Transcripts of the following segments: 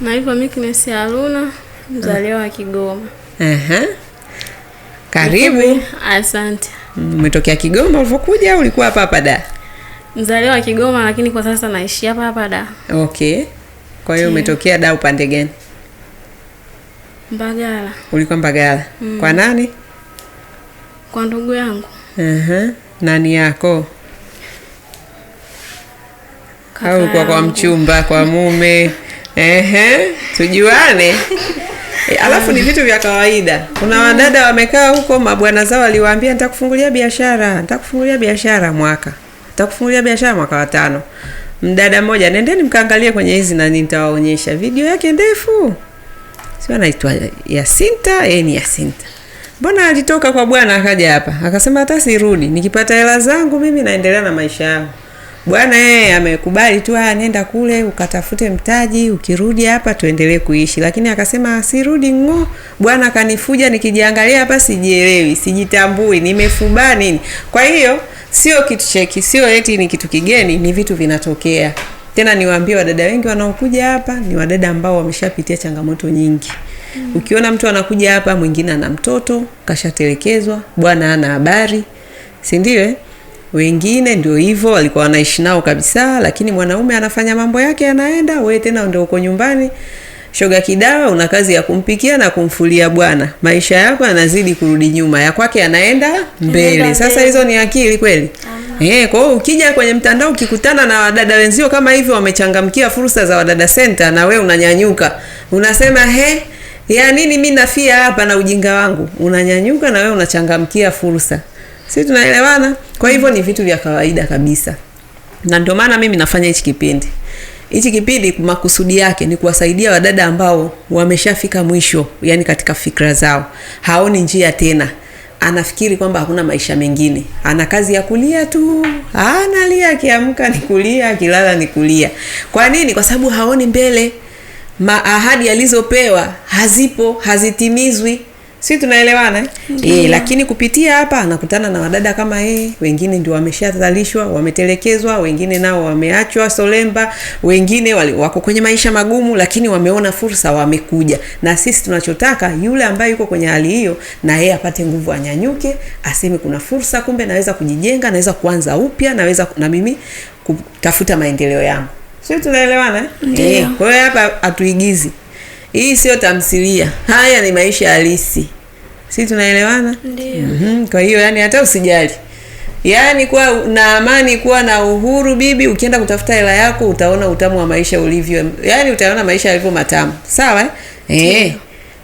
Naitwa Mikness Haruna, mzaliwa wa Kigoma. Aha. Karibu. Asante. Umetokea Kigoma ulivyokuja au ulikuwa hapa hapa da? Mzaliwa wa Kigoma lakini kwa sasa naishi hapa hapa da. Okay. Kwa hiyo umetokea da upande gani? Mbagala. Ulikuwa Mbagala. Mm. Kwa nani? Kwa ndugu yangu. Aha. Nani yako? Kaka au kwa, kwa mchumba, kwa mume? Ehe, tujuane. E, alafu ni vitu vya kawaida. Kuna mm. wadada wamekaa huko, mabwana zao aliwaambia nitakufungulia biashara, nitakufungulia biashara mwaka, nitakufungulia biashara mwaka wa tano. Mdada mmoja, nendeni mkaangalie kwenye hizi nani, nitawaonyesha video yake ndefu, sio anaitwa Yasinta, yeye ni Yasinta. Mbona alitoka kwa bwana akaja hapa akasema hata sirudi, nikipata hela zangu mimi naendelea na maisha yangu bwana yeye amekubali tu, haya nenda kule ukatafute mtaji, ukirudi hapa tuendelee kuishi. Lakini akasema sirudi ng'o, bwana akanifuja, nikijiangalia hapa sijielewi, sijitambui, nimefubaa nini. Kwa hiyo sio kitu cheki, sio eti ni kitu kigeni, ni vitu vinatokea. Tena niwaambie wadada wengi wanaokuja hapa ni wadada ambao wameshapitia changamoto nyingi. Mm. Ukiona mtu anakuja hapa, mwingine ana mtoto kashatelekezwa, bwana ana habari, si ndio? Eh? Wengine ndio hivyo walikuwa wanaishi nao kabisa, lakini mwanaume anafanya mambo yake anaenda, we tena ndio uko nyumbani shoga kidawa, una kazi ya kumpikia na kumfulia bwana. Maisha yako yanazidi kurudi nyuma, ya kwake anaenda mbele. Sasa hizo ni akili kweli? Eh, kwa hiyo ukija kwenye mtandao ukikutana na wadada wenzio kama hivyo wamechangamkia fursa za Wadada Center na we unanyanyuka unasema he ya nini mi nafia hapa na ujinga wangu, unanyanyuka na we unachangamkia fursa si tunaelewana? Kwa mm. hivyo ni vitu vya kawaida kabisa, na ndio maana mimi nafanya hichi kipindi hichi kipindi makusudi yake ni kuwasaidia wadada ambao wameshafika mwisho, yani katika fikra zao, haoni njia tena, anafikiri kwamba hakuna maisha mengine, ana kazi ya kulia tu, analia akiamka ni kulia, akilala ni kulia. Kwa nini? Kwa sababu haoni mbele, maahadi alizopewa hazipo, hazitimizwi si tunaelewana eh? E, lakini kupitia hapa anakutana na wadada kama yeye, wengine ndio wameshazalishwa, wametelekezwa, wengine nao wameachwa solemba, wengine wali, wako kwenye maisha magumu, lakini wameona fursa, wamekuja. Na sisi tunachotaka yule ambaye yuko kwenye hali hiyo, na yeye apate nguvu, anyanyuke, aseme kuna fursa, kumbe naweza kujijenga, naweza kuanza upya, naweza na mimi kutafuta maendeleo yangu, si tunaelewana eh? eh kwa hiyo hapa hatuigizi hii sio tamthilia, haya ni maisha halisi. Si tunaelewana? Ndio. Mm -hmm. Kwa hiyo yani hata usijali, yaani kuwa na amani, kuwa na uhuru bibi. Ukienda kutafuta hela yako utaona utamu wa maisha ulivyo, Yaani utaona maisha yalivyo matamu, sawa eh? eh?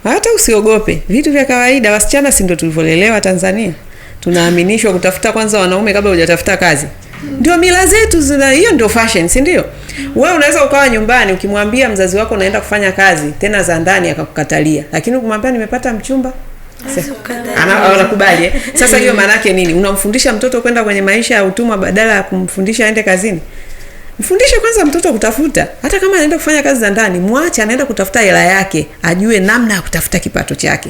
Hata usiogope vitu vya kawaida. Wasichana si ndio tulivyolelewa Tanzania, tunaaminishwa kutafuta kwanza wanaume kabla hujatafuta kazi. Ndio mila zetu zina, hiyo ndio fashion, si ndio? Wewe unaweza ukawa nyumbani ukimwambia mzazi wako unaenda kufanya kazi tena za ndani akakukatalia, lakini ukimwambia nimepata mchumba anakubali. Eh? Sasa hiyo maana yake nini? Unamfundisha mtoto kwenda kwenye maisha ya utumwa badala ya kumfundisha aende kazini. Mfundishe kwanza mtoto kutafuta, hata kama anaenda kufanya kazi za ndani, mwache anaenda kutafuta hela yake, ajue namna ya kutafuta kipato chake.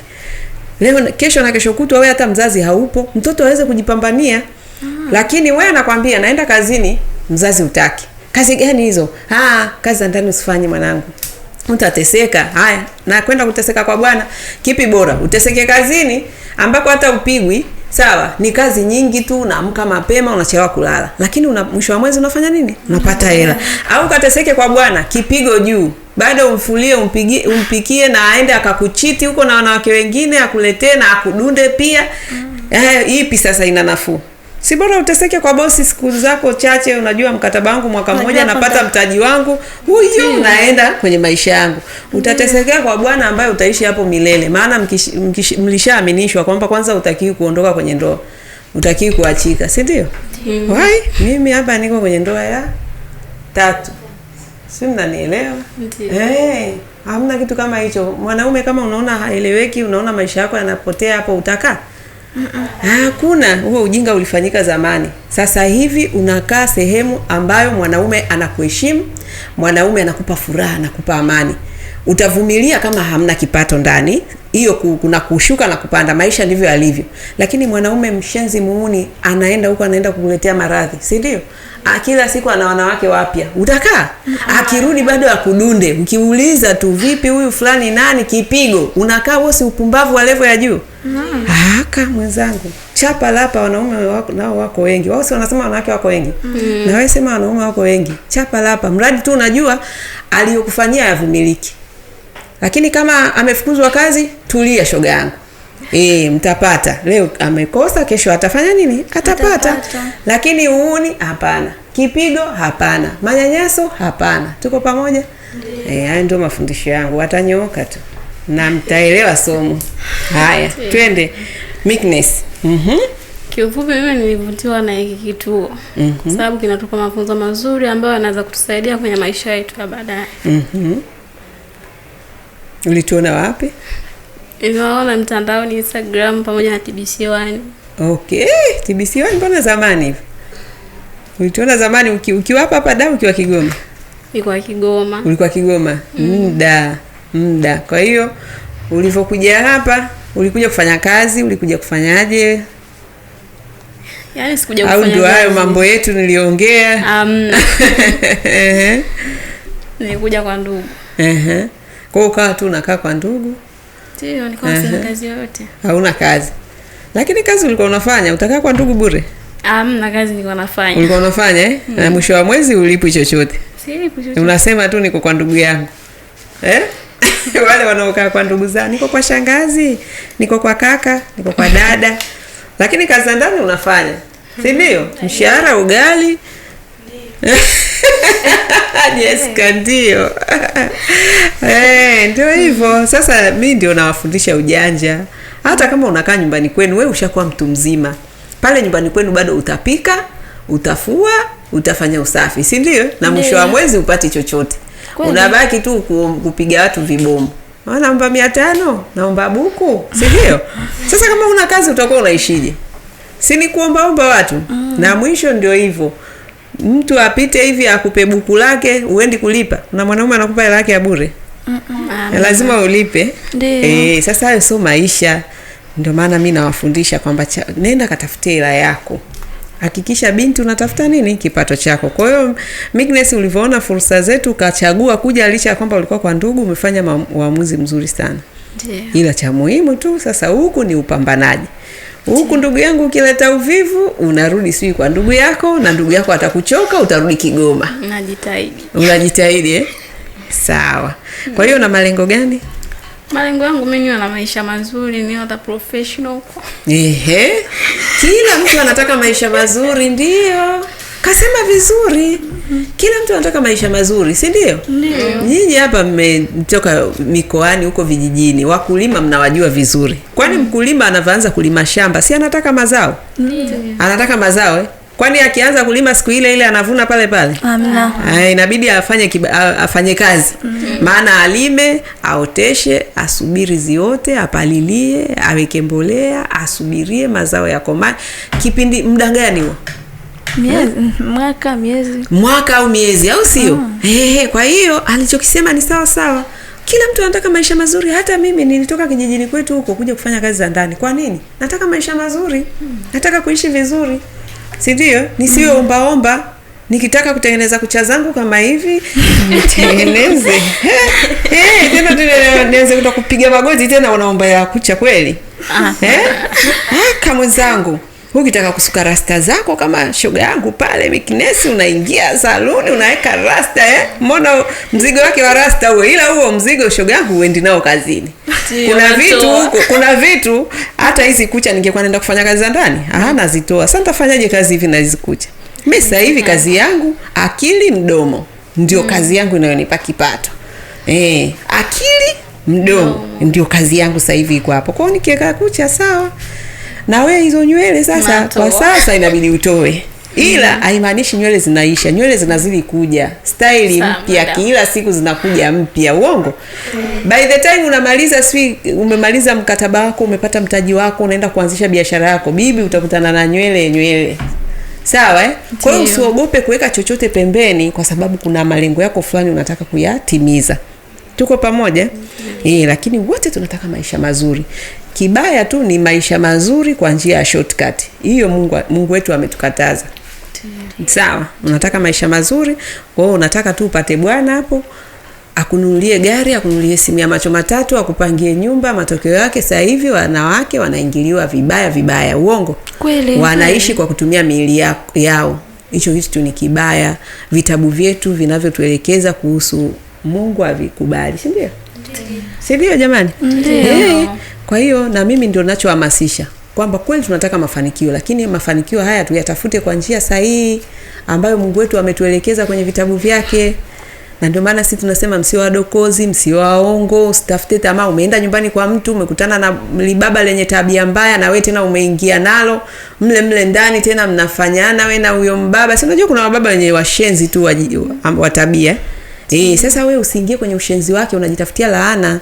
Leo kesho na kesho kutwa, wewe hata mzazi haupo, mtoto aweze kujipambania. Ah. Lakini wewe anakwambia naenda kazini, mzazi utaki kazi gani hizo? Ah, kazi za ndani usifanye mwanangu, utateseka. Haya, na kwenda kuteseka kwa Bwana, kipi bora? Uteseke kazini ambako hata upigwi Sawa, ni kazi nyingi tu, unaamka mapema, unachelewa kulala, lakini una, mwisho wa mwezi unafanya nini? Unapata hela. Au kateseke kwa Bwana, kipigo juu, bado umfulie, umpigie, umpikie na aende akakuchiti huko na wanawake wengine, akuletee na akudunde pia. Hii mm. Eh, ipi sasa ina nafuu? si bora uteseke kwa bosi siku zako chache, unajua mkataba wangu mwaka mmoja, napata mtaji wangu huyo, hmm. unaenda kwenye maisha yangu. Hmm. Utatesekea kwa bwana ambaye utaishi hapo milele, maana mlishaaminishwa kwamba kwanza utakiwi kuondoka kwenye ndoa, utakiwi kuachika, si ndio? Hmm. mimi hapa niko kwenye ndoa ya tatu, si mnanielewa? Hey, kitu kama hicho. Mwanaume kama unaona haeleweki, unaona maisha yako yanapotea hapo, utakaa Hakuna huo ujinga ulifanyika zamani. Sasa hivi unakaa sehemu ambayo mwanaume anakuheshimu, mwanaume anakupa furaha, anakupa amani. Utavumilia kama hamna kipato ndani, hiyo kuna kushuka na kupanda, maisha ndivyo alivyo Lakini mwanaume mshenzi muuni anaenda huko, anaenda kukuletea maradhi, si ndio? Kila siku ana wanawake wapya, utakaa akirudi bado akudunde. Ukiuliza tu, vipi huyu fulani nani, kipigo. Unakaa wosi upumbavu wa levo ya juu. Mm. Ah, kaka mwenzangu, chapa lapa, wanaume nao wako wengi. Wao si wanasema wanawake wako wengi mm. na wewe sema wanaume wako wengi, chapa lapa, mradi tu unajua aliyokufanyia yavumiliki. Lakini kama amefukuzwa kazi, tulia shoga yangu E, mtapata leo. Amekosa, kesho atafanya nini? Atapata, atapata. Lakini uhuni hapana, kipigo hapana, manyanyaso hapana. Tuko pamoja e, haya ndio mafundisho yangu, watanyooka tu na mtaelewa somo. Haya, twende. Meekness. mm Kiufupi mimi nilivutiwa na hiki kituo mm -hmm. sababu kinatupa mafunzo mazuri ambayo yanaweza kutusaidia kwenye maisha yetu ya baadaye. mm -hmm. Ulituona wapi? Nimewaona mtandaoni, Instagram pamoja na TBC Okay, TBC mbona zamani Ulituona zamani uki, hapa da ukiwa Kigoma? Nilikuwa Kigoma. Ulikuwa Kigoma. Mm. Muda. Muda. Kwa hiyo ulivyokuja hapa Ulikuja kufanya kazi, ulikuja kufanyaje? Yaani sikuja kufanya Au ndio hayo mambo yetu niliongea? Um, nilikuja kwa ndugu. Ehe. Kwa hiyo ukawa tu unakaa kwa ndugu? Ndio, nilikuwa sina kazi yoyote. Hauna kazi. Lakini kazi ulikuwa unafanya, utakaa kwa ndugu bure? Hamna um, kazi nilikuwa nafanya. Ulikuwa unafanya eh? Mm. Na mwisho wa mwezi ulipwi chochote? Silipwi chochote. Unasema tu niko kwa ndugu yangu. Eh? wale wanaokaa kwa ndugu zao, niko kwa shangazi, niko kwa kaka, niko kwa dada, lakini kazi za ndani unafanya, si ndio? Mm-hmm. Mshahara ugali yes, ndio. Eh, ndio hivyo. Sasa mi ndio nawafundisha ujanja. Hata kama unakaa nyumbani kwenu, we ushakuwa mtu mzima pale nyumbani kwenu, bado utapika, utafua, utafanya usafi, si ndio? Na mwisho wa mwezi upati chochote unabaki tu kupiga watu vibomu naomba mia tano naomba buku sindio sasa kama una kazi utakuwa unaishije si ni kuombaomba watu mm. na mwisho ndio hivyo mtu apite hivi akupe buku lake uendi kulipa na mwanaume anakupa hela yake ya bure Mm-mm. Eh, lazima ulipe e, sasa hayo sio maisha ndio maana mi nawafundisha kwamba nenda katafute hela yako hakikisha binti unatafuta nini kipato chako. Kwa hiyo Mignes, ulivyoona fursa zetu ukachagua kuja, licha ya kwamba ulikuwa kwa ndugu, umefanya uamuzi mzuri sana yeah. Ila cha muhimu tu sasa huku ni upambanaji huku ndugu yangu, ukileta uvivu unarudi sii kwa ndugu yako, na ndugu yako atakuchoka, utarudi Kigoma. unajitahidi unajitahidi eh? Sawa. Kwa hiyo na malengo gani? Malengo yangu mimi niwe na maisha mazuri, ni the professional huko. Ehe. Kila mtu anataka maisha mazuri, ndio. Kasema vizuri. Kila mtu anataka maisha mazuri, si ndio? Nyinyi hapa mmetoka mikoani huko vijijini, wakulima mnawajua vizuri. Kwani mkulima anavyoanza kulima shamba, si anataka mazao? Ndiyo. Anataka mazao eh? Kwani akianza kulima siku ile ile anavuna pale pale? Amna. inabidi afanye kiba, afanye kazi mm -hmm. Maana alime, aoteshe, asubiri ziote, apalilie, aweke mbolea, asubirie mazao ya komaa. Kipindi muda gani huo? mwaka, miezi. Mwaka au miezi au sio? Mm. kwa hiyo alichokisema ni sawa sawa. Kila mtu anataka maisha mazuri. Hata mimi nilitoka kijijini kwetu huko kuja kufanya kazi za ndani. Kwa nini? Nataka maisha mazuri. Mm. Nataka kuishi vizuri si ndio? Nisiweombaomba mhm. nikitaka kutengeneza kucha zangu kama hivi nitengeneze eh, eh, tena niweze kuta kupiga magoti tena, unaomba ya kucha kweli ah. eh? Ah, mwenzangu ukitaka kusuka rasta zako kama shoga yangu pale mikinesi, unaingia saluni unaweka rasta eh? Mbona mzigo wake wa rasta huo, ila huo mzigo shoga yangu uendi nao kazini. Kuna vitu, huko kuna vitu hata hizi kucha, ningekuwa naenda kufanya kazi za ndani, aha, nazitoa sasa. Nitafanyaje kazi hivi na hizi kucha? Mimi sasa hivi kazi yangu akili mdomo ndio mm. kazi yangu inayonipa kipato eh, akili mdomo no. ndio kazi yangu sasa hivi iko hapo kwao, nikiweka kucha sawa na wewe hizo nywele sasa Mato. Kwa sasa inabidi utoe ila mm. Haimaanishi nywele zinaisha, nywele zinazidi kuja, staili mpya kila siku zinakuja mpya, uongo mm. By the time unamaliza swi, umemaliza mkataba wako, umepata mtaji wako, unaenda kuanzisha biashara yako, bibi, utakutana na nywele nywele, sawa eh? Kwa hiyo usiogope kuweka chochote pembeni, kwa sababu kuna malengo yako fulani unataka kuyatimiza. Tuko pamoja mm -hmm. Eh, lakini wote tunataka maisha mazuri. Kibaya tu ni maisha mazuri kwa njia ya shortcut. Hiyo Mungu, Mungu wetu ametukataza. Sawa, unataka maisha mazuri, kwa hiyo unataka tu upate bwana hapo akununulie gari, akunulie simu ya macho matatu, akupangie nyumba. Matokeo yake sasa hivi wanawake wanaingiliwa vibaya vibaya, uongo kweli, wanaishi kwa kutumia miili yao. Hicho kitu ni kibaya. Vitabu vyetu vinavyotuelekeza kuhusu Mungu havikubali, si ndio? Si ndio jamani? Ndiyo. Kwa hiyo na mimi ndio ninachohamasisha kwamba kweli tunataka mafanikio, lakini mafanikio haya tuyatafute kwa njia sahihi ambayo Mungu wetu ametuelekeza kwenye vitabu vyake. Na ndio maana sisi tunasema msio wadokozi, msio waongo, usitafute tamaa. Umeenda nyumbani kwa mtu, umekutana na libaba lenye tabia mbaya, na wewe tena umeingia nalo mle mle ndani, tena mnafanyana we na huyo mbaba. Si unajua kuna wababa wenye washenzi tu wa tabia eh. eh sasa we usiingie kwenye ushenzi wake, unajitafutia laana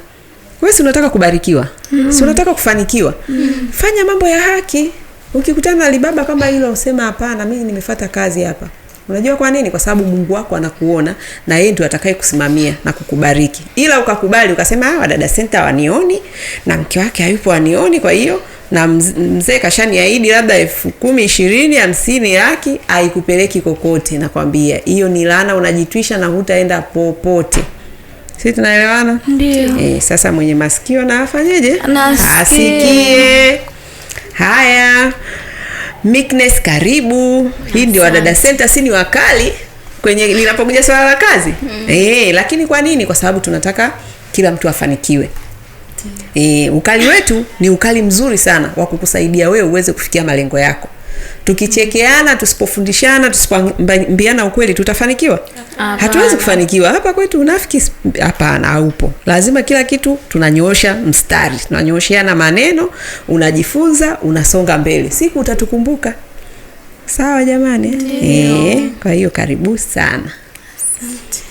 we si unataka kubarikiwa mm. si unataka kufanikiwa mm. fanya mambo ya haki ukikutana na libaba kama hilo usema hapana mimi nimefata kazi hapa unajua kwa nini kwa sababu mungu wako anakuona na yeye ndio atakaye kusimamia na kukubariki ila ukakubali ukasema hawa ah, dada senta wanioni na mke wake hayupo wanioni kwa hiyo na mzee kashani kashaniahidi labda elfu kumi ishirini hamsini laki aikupeleki kokote nakwambia hiyo ni lana unajitwisha na hutaenda popote Si tunaelewana? Ndio. E, sasa mwenye masikio na afanyeje? Asikie. Haya. Meekness karibu. Hii ndio Wadada Center, si ni wakali kwenye ninapokuja swala la kazi? Mm. E, lakini kwa nini? Kwa sababu tunataka kila mtu afanikiwe. E, ukali wetu ni ukali mzuri sana wa kukusaidia wewe uweze kufikia malengo yako. Tukichekeana, tusipofundishana, tusipombiana ukweli, tutafanikiwa? Hatuwezi kufanikiwa. Hapa kwetu unafiki hapana, haupo. Lazima kila kitu tunanyoosha mstari, tunanyoosheana maneno, unajifunza, unasonga mbele, siku utatukumbuka. Sawa jamani? E, kwa hiyo karibu sana. Asante.